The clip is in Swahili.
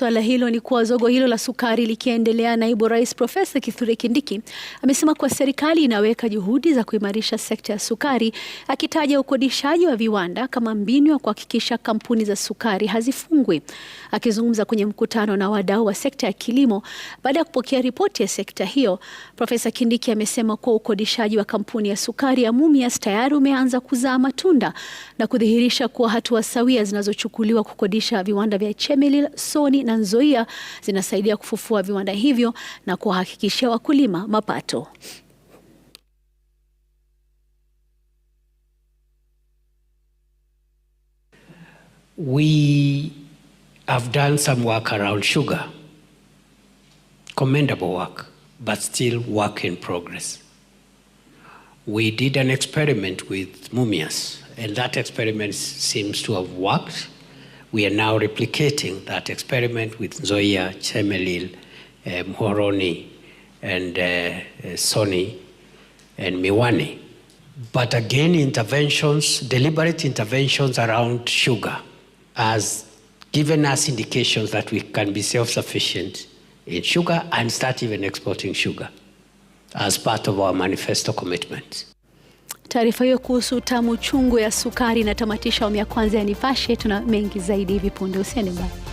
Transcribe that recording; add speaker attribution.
Speaker 1: suala hilo ni kuwa zogo hilo la sukari likiendelea, naibu rais Profesa Kithure Kindiki amesema kuwa serikali inaweka juhudi za kuimarisha sekta ya sukari, akitaja ukodishaji wa viwanda kama mbinu ya kuhakikisha kampuni za sukari hazifungwi. Akizungumza kwenye mkutano na wadau wa sekta ya kilimo baada ya kupokea ripoti ya sekta hiyo, Profesa Kindiki amesema kuwa ukodishaji wa kampuni ya sukari ya Mumias tayari umeanza kuzaa matunda na kudhihirisha kuwa hatua sawia zinazochukuliwa kukodisha viwanda vya Chemelil, Soni na Nzoia zinasaidia kufufua viwanda hivyo na kuwahakikishia wakulima mapato.
Speaker 2: We have done some work around sugar. Commendable work, but still work in progress. We did an experiment with Mumias, and that experiment seems to have worked. We are now replicating that experiment with Nzoia, Chemelil, uh, Mhoroni, and uh, uh, Soni and Miwani. But again, interventions, deliberate interventions around sugar has given us indications that we can be self-sufficient in sugar and start even exporting sugar as part of our manifesto commitment.
Speaker 1: Taarifa hiyo kuhusu tamu chungu ya sukari inatamatisha awamu ya kwanza ya Nipashe. Tuna mengi zaidi hivi punde, usiende mbali.